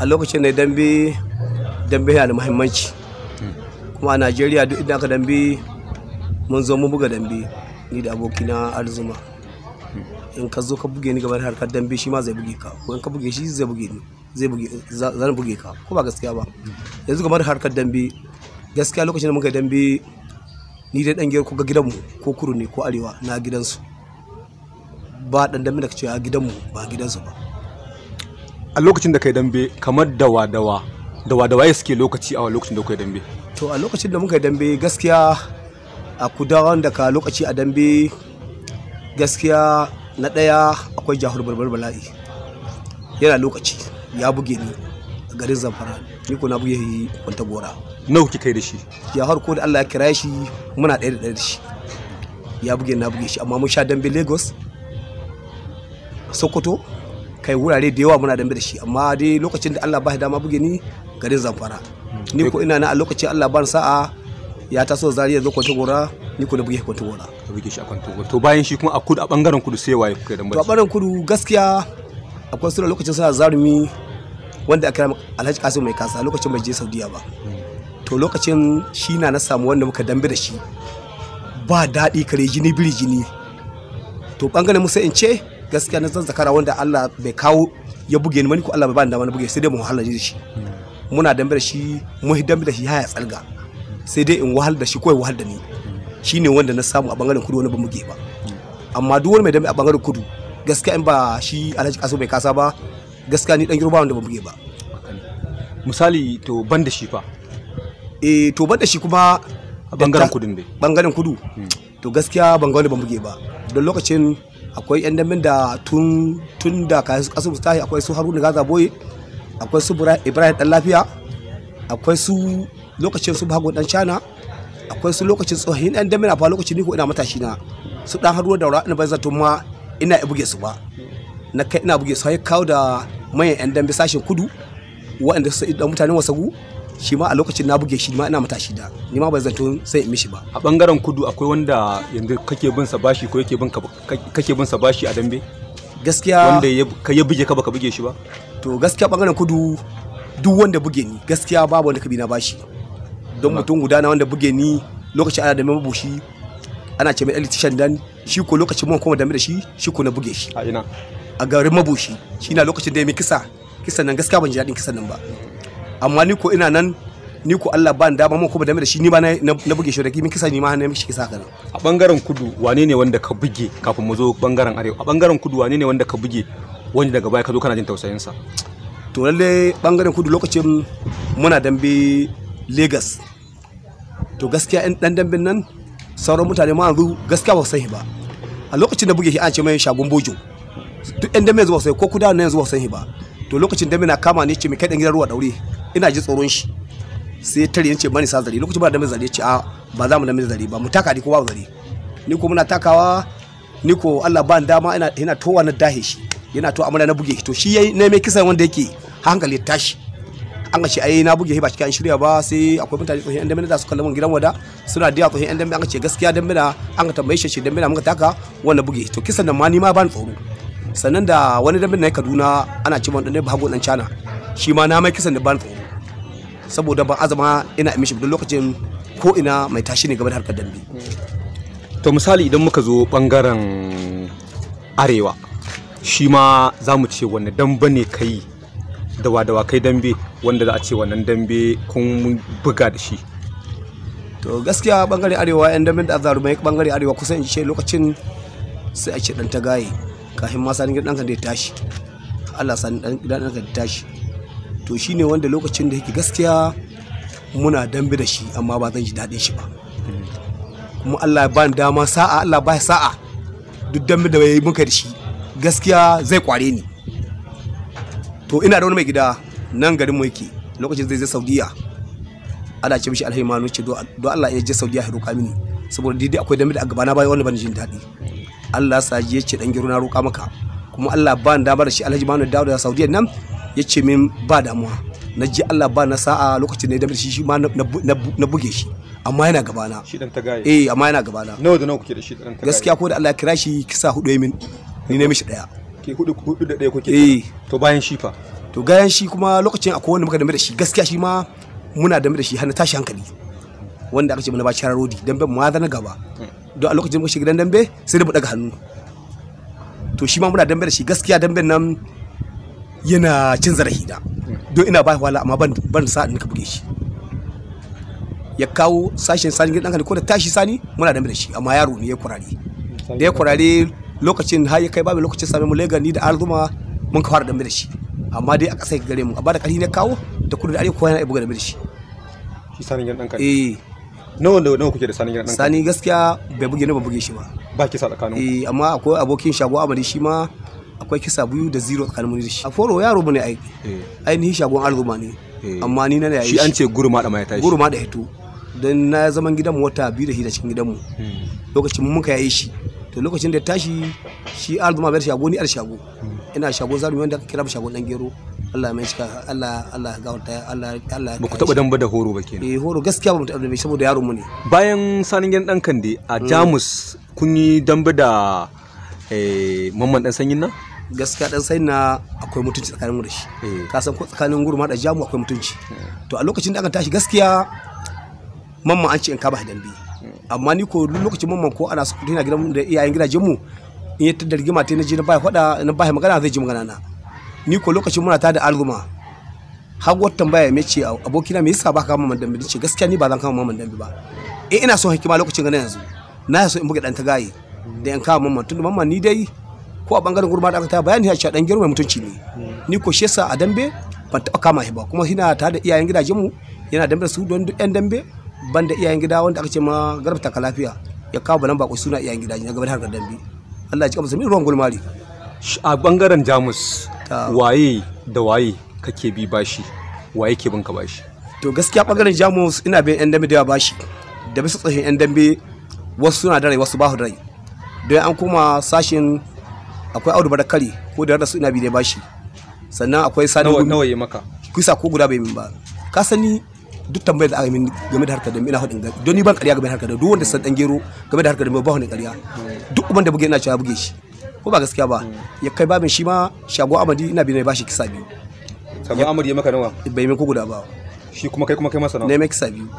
a lokacin da dambe dambe yana da muhimmanci kuma a najeriya duk inda aka dambe mun zo mu buga dambe ni da abokina arzuma in ka zo ka buge ni gabar harkar dambe shi ma zai buge ka ko in ka buge shi zai buge ni zai buge zan buge ka ko ba gaskiya ba yanzu gabar harkar dambe gaskiya lokacin da muka dambe ni dai dan giyar ko ga gidanmu ko kuru ne ko arewa na gidansu ba dan dambe da kace a gidanmu ba gidansu ba a lokacin da kai dambe kamar dawa dawa dawa dawa ya suke lokaci a lokacin da kai dambe to a lokacin da muka yi dambe gaskiya a kudawan da ka lokaci a dambe gaskiya na ɗaya akwai jahar barbar bala'i yana lokaci ya buge ni a garin zamfara ni ko na buge yi kwanta gora nawa kika yi da shi jahar ko da Allah ya kira shi muna ɗaya da ɗaya da shi ya buge na buge shi amma mun sha dambe Lagos Sokoto kai wurare da yawa muna dambe da shi amma dai lokacin da Allah ba shi dama buge ni garin Zamfara ni ko ina na a lokacin Allah ban sa'a ya taso ya zo kwanto gora ni ko na buge kwanto gora ka buge shi a kwanto gora to bayan shi kuma a kudu a bangaren kudu sai waye kuka dambe to a bangaren kudu gaskiya akwai sura lokacin suna zarumi wanda aka kira Alhaji Kasim mai kasa lokacin bai je Saudiya ba to lokacin shi na na samu wanda muka dambe da shi ba daɗi kare jini biri jini to bangaren musa in ce gaskiya na zan zakara wanda Allah bai kawo ya buge ni wani ko Allah bai bani dama na buge sai dai mu wahala da shi muna dambe da shi mu dambe da shi haya tsalga sai dai in wahal da shi ko wahal da ni shine wanda na samu a bangaren kudu wani ba muke ba amma duk wani mai dambe a bangaren kudu gaskiya in ba shi Alhaji Kaso bai kasa ba gaskiya ni dan girba wanda ba muke ba misali to ban da shi fa eh to ban da shi kuma bangaren kudu ne bangaren kudu to gaskiya ban ga wani ban buge ba don lokacin akwai yan damin da tun tun da kasu mustahi akwai su haruna gaza boye akwai su ibrahim dan lafiya akwai su lokacin su bago dan chana akwai su lokacin tsohon yan damin a fa lokacin ni ko ina matashi na su dan haruwa daura ina bai zato ma ina buge su ba na kai ina buge su sai kawo da manyan yan dambe sashen kudu waɗanda su dan mutanen wasagu shi ma a lokacin na buge shi ma ina matashi da ni ma ban zanto sai in mishi ba a bangaren kudu akwai wanda yanzu kake bin sa bashi ko yake bin kake bin sa bashi a dambe gaskiya wanda ya buge ka baka buge shi ba to gaskiya bangaren kudu duk wanda buge ni gaskiya babu wanda kabi na bashi don mutum guda na wanda buge ni lokacin ana da mabushi ana ce mai electrician dan shi ko lokacin mun koma dambe da shi shi ko na buge shi a ina a garin mabushi shi na lokacin da ya mi kisa kisan nan gaskiya ban ji daɗin kisan nan ba amma ni ko ina nan ni ko Allah ba ni dama mun kuma dame da shi ni ba na buge shi da kimi kisa ni ma na miki kisa kana a bangaren kudu wane ne wanda ka buge kafin mu zo bangaren arewa a bangaren kudu wane ne wanda ka buge wanda daga baya ka zo kana jin tausayin sa to lalle bangaren kudu lokacin muna dambe Lagos to gaskiya in dan dambin nan sauran mutane ma yanzu gaskiya ba sai ba a lokacin da buge shi an ce mai shagon bojo duk yan dambe yanzu sai ko kuda ne yanzu ba ba to lokacin da na kama ne ce mai kai dan gidan ruwa daure ina ji tsoron shi sai tare yace bani sa zare lokacin ba da mai zare ce a ba za mu da mai zare ba mu taka ni ko ba zare ni ko muna takawa ni ko Allah ba dama ina ina towa na dahe shi yana to amara na buge to shi yayi ne mai kisan wanda yake hankali tashi an ce ai na buge ba shi kan shirya ba sai akwai mutane tsohon yan dambe da su kalla mun gidan wada suna da tsohon yan dambe an ce gaskiya dambe na an ka tambaye shi dambe na muka taka wanda buge to kisan nan ma ni ma ban tsoro sannan da wani dambe na Kaduna ana ce ne ba hago dan Chana shi ma na mai kisan da ban tsoro saboda ba azama ina mishi duk lokacin ko ina mai tashi ne game da harkar dambe to misali idan muka zo bangaren arewa shi ma za mu ce wani damba ne kai dawa-dawa kai dambe wanda za a ce wannan dambe kun buga da shi to gaskiya bangare arewa yan dambe da mai bangare arewa kusan in ce lokacin sai a ce dan gaye kafin ma sanin dan ka da tashi Allah sanin dan dan ka da tashi to shine wanda lokacin da yake gaskiya muna dambe da shi amma ba zan ji daɗin shi ba kuma Allah ba bani dama sa'a Allah ba sa'a duk dambe da bai muka da shi gaskiya zai kware ni to ina da wani mai gida nan garin mu yake lokacin zai je Saudiya ana ce mishi alhaji manu ce do Allah ya je Saudiya ya roƙa mini saboda didi akwai dambe da gaba na bai wani ban jin daɗi Allah ya sa ya ce dan giro na roƙa maka kuma Allah ba ni dama da shi alhaji manu da Saudiya nan ya ce min ba damuwa na ji Allah ba na sa'a lokacin da ya damar shi shi ma na buge shi amma yana gabana shi dan ta eh amma yana gabana nawa da nawa kuke da shi dan tagaye gaskiya ko da Allah kira shi kisa hudu min ni ne mishi daya ke hudu hudu da daya kuke eh to bayan shi fa to gayan shi kuma lokacin akwai wanda muka dame da shi gaskiya shi ma muna dame da shi har na tashi hankali wanda aka ce mana ba shi rarodi dan ban ma zana gaba don a lokacin muka shiga dan dambe sai da mu daga hannu to shi ma muna dambe da shi gaskiya dambe nan yana cin zarafi da don ina ba wala amma ban ban sa in ka buge shi ya kawo sashen sani gidan ko da tashi sani muna da shi amma yaro ne ya kurare da ya kurare lokacin har ya kai babu lokacin same mu ni da arzuma mun ka fara da shi amma dai aka sai gare mu a bada karhi ne kawo da kudu da arewa ko yana buga da shi shi sani gidan kan eh nawa da nawa kuke da sani gidan kan sani gaskiya bai buge ne ba buge shi ba ba kisa tsakanin eh amma akwai abokin shago amari shi ma akwai kisa biyu da zero tsakanin da shi a foro yaro bane ai eh. ainihin shagon arzuma ne eh. amma ni na ne shi an ce gurma da mai tashi gurma da hito don na zaman mu wata biyu da shi da cikin gidan mu. Hmm. lokacin muka yayi shi to lokacin da ya tashi shi arzuma bai shago ni ar shago hmm. ina shago zaru wanda kira mu shagon dan gero Allah mai cika Allah Allah gawarta Allah Allah ba ku taba dan bada horo ba kenan eh horo gaskiya ba mu taba saboda yaro mu ne bayan sanin gidan dan kande a hmm. Jamus kun yi dambe da eh mamman dan sanyin nan gaskiya dan sai na akwai mutunci tsakanin mu da shi eh. ka san ko tsakanin gurma da jamu akwai mutunci eh. to a lokacin da aka tashi gaskiya mamma an ce in ka ba bi eh. amma ni ko lokacin mamman ko ana su na gidan da iyayen gidajen mu in ya tada rigima ta ji na ba faɗa na ba magana zai ji magana na ni ko lokacin muna tada al'umma har wata tambaya mai ce abokina me yasa ba ka mamman dambe ce gaskiya ni ba zan kama mamman dambe ba eh ina son hikima lokacin ganin yanzu na so in buga dan ta gaye da in kama mamman da mamman ni dai ko a bangaren gurma da aka taya bayani ya ce dan girma mutunci ne ni ko shi yasa a dambe ban taba kama shi ba kuma ina tare da iyayen gidajen mu yana dambe su don duk yan dambe ban da iyayen gida wanda aka ce ma garba ka lafiya ya kawo balan bako suna iyayen gidajen ya har da dambe Allah ya ji kamsa min ruwan gulmari a bangaren jamus waye da waye kake bi bashi waye ke bin ka bashi to gaskiya bangaren jamus ina bin yan dambe da yawa bashi da bisa tsohon yan dambe wasu suna da rai wasu ba da rai don an kuma sashin akwai audu barakari ko da rasu ina bi dai bashi sannan akwai sani gumi nawa maka kusa ko guda bai min ba ka sani duk tambaya da aka min game da harkar da ina hudin gari don ni ban kariya game da harkar da duk wanda san dan gero game da harkar da ba wani kariya duk uban da buge ina cewa buge shi ko ba gaskiya ba ya kai babin shi ma shago amadi ina bi ne bashi kisa biyu sabon amadi ya maka nawa bai min ko guda ba shi kuma kai kuma kai masa nawa ne mai kisa biyu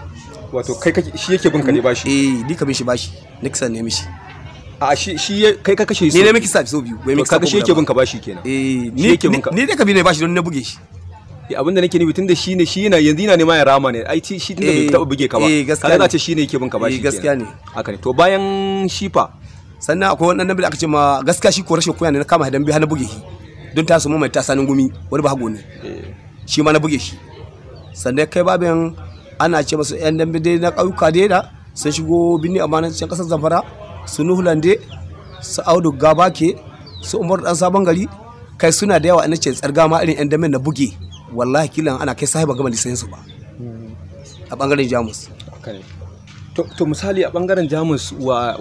wato kai shi yake bin ka ne bashi eh ni ka bin shi bashi ne kisa ne mishi a shi shi kai ka kashe ni ne miki safi so biyu bai miki safi kaga shi yake bin ka bashi kenan eh ni yake bin ka ni ne ka bi ne bashi don na buge shi abinda nake nufi tunda ne shi yana yanzu yana nema ya rama ne ai shi tunda bai eh, taba buge ka ba eh, kaga za ce shine yake bin ka bashi kenan eh, gaskiya ne haka ne to bayan shifa sannan akwai wannan nabi da aka ce ma gaskiya shi ko rashin kuya ne na kama hadan bi na buge shi don ta samu mai ta sanin gumi wani ba hago ne shi ma na buge shi sannan kai babin ana ce masu yan dambe dai na ƙauyuka dai da sun shigo binni a can ƙasar zamfara su nuhulande su audu gabake su umar dan sabon gari kai suna da yawa ina ce tsarga ma irin yan damin na buge wallahi kilan ana kai sahiba gama lisan su ba a bangaren jamus to misali a bangaren jamus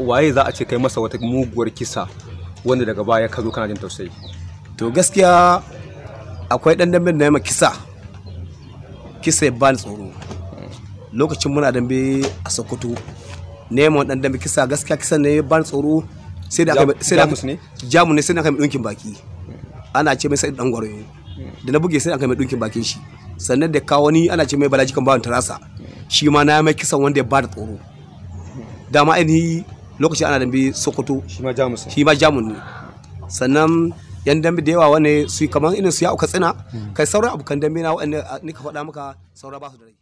waye za a ce kai masa wata muguwar kisa wanda daga baya ka zo kana jin tausayi to gaskiya akwai dan damin na yamma kisa kisa ya bani tsoro lokacin muna dambe a sokoto neman dan dambe kisa gaskiya kisa ne ban tsoro sai da sai da jamu ne sai da kai dunkin baki ana ce mai sai dan gwaro da na buge sai da kai dunkin bakin shi sannan da kawo ni ana ce mai balaji kan bawan tarasa shi ma na mai kisan wanda ya da tsoro dama ainihi lokaci ana dambe sokoto shi ma jamus ne sannan yan dambe da yawa wane su kamar irin su ya uka tsina hmm. kai sauran abokan dambe na wanda ni ka faɗa maka saura ba su da rai